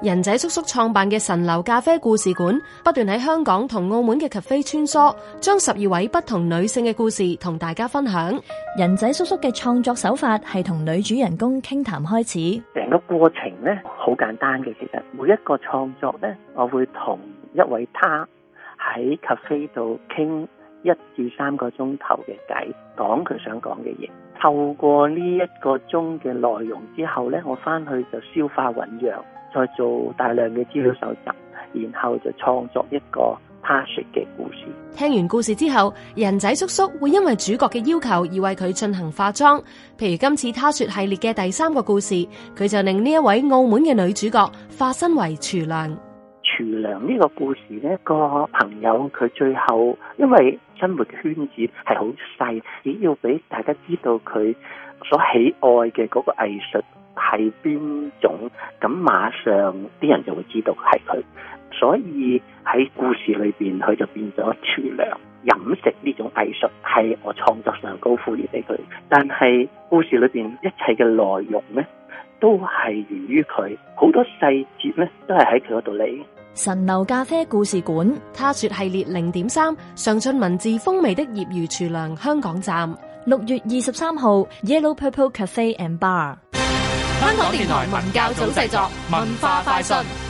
人仔叔叔創辦嘅神樓咖啡故事館，不斷喺香港同澳門嘅咖啡穿梭，將十二位不同女性嘅故事同大家分享。人仔叔叔嘅創作手法係同女主人公傾談，談開始，成個過程呢，好簡單嘅，其實每一個創作呢，我會同一位她喺咖啡度傾。一至三個鐘頭嘅偈，講佢想講嘅嘢。透過呢一個鐘嘅內容之後呢，我翻去就消化醖釀，再做大量嘅資料搜集，然後就創作一個他說嘅故事。聽完故事之後，人仔叔叔會因為主角嘅要求而為佢進行化妝。譬如今次他說系列嘅第三個故事，佢就令呢一位澳門嘅女主角化身為廚娘。廚娘呢個故事，呢個朋友佢最後因為生活圈子係好細，只要俾大家知道佢所喜愛嘅嗰個藝術係邊種，咁馬上啲人就會知道係佢。所以喺故事裏邊，佢就變咗廚娘。飲食呢種藝術係我創作上高賦予俾佢，但係故事裏邊一切嘅內容呢，都係源於佢，好多細節呢，都係喺佢嗰度嚟。神流咖啡故事館，他說系列零點三，上進文字風味的業餘廚娘香港站，六月二十三號，Yellow Purple Cafe and Bar，香港電台文教組製作，文化快訊。